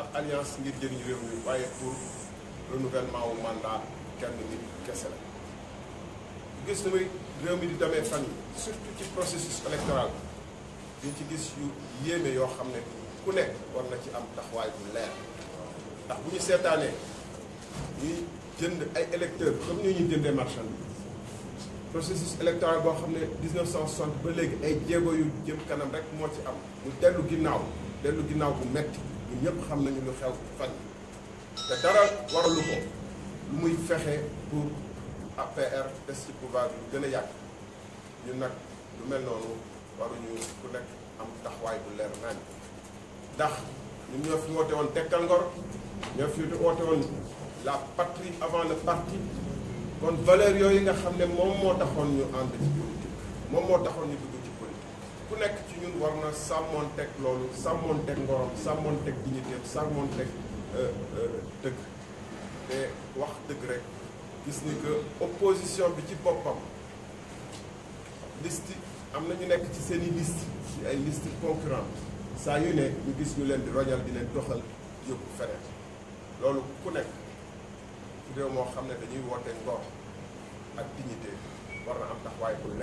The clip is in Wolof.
ab alliance ngir jëriñ réew mi waaye pour renouvellement wu mandat kenn nit kese la gis na muy réew mi di demee fan yi surtout ci processus électoral bi ci gis yu yéeme yoo xam ne ku nekk war na ci am taxawaay bu leer ndax bu ñu seetaanee ñuy jënd ay électeurs comme ni ñuy jëndee bi processus électoral boo xam ne 1960 ba léegi ay jéego yu jëm kanam rek moo ci am mu dellu ginnaaw dellu ginnaaw bu metti ñun ñëpp xam nañu lu xew fan te dara waralu ko lu muy fexe pour APR des ci pouvoir bi gën a yàgg ñun nag lu mel noonu waruñu ku nekk am taxawaay bu leer naañ ndax ñun ñoo fi woote woon Dekkal Ngor ñoo fi woote woon la patrie avant le parti kon valeur yooyu nga xam ne moom moo taxoon ñu ànd ci politique moom moo taxoon ñu dugg ku nekk ci ñun war na sàmmoon sàmmoonteeg loolu sàmmoonteeg ngorom sàmmoonteeg dignitéem sàmmoonteeg euh, euh, dëgg te wax dëgg rek gis ni que opposition bi ci boppam liste am na ñu nekk ci seen i liste ci ay liste concurrente saa yu ne ñu gis ñu leen di roñal di leen doxal yóbbu feneen loolu ku nekk ci réew moo xam ne dañuy woote ngor ak dignité war na am taxawaay bu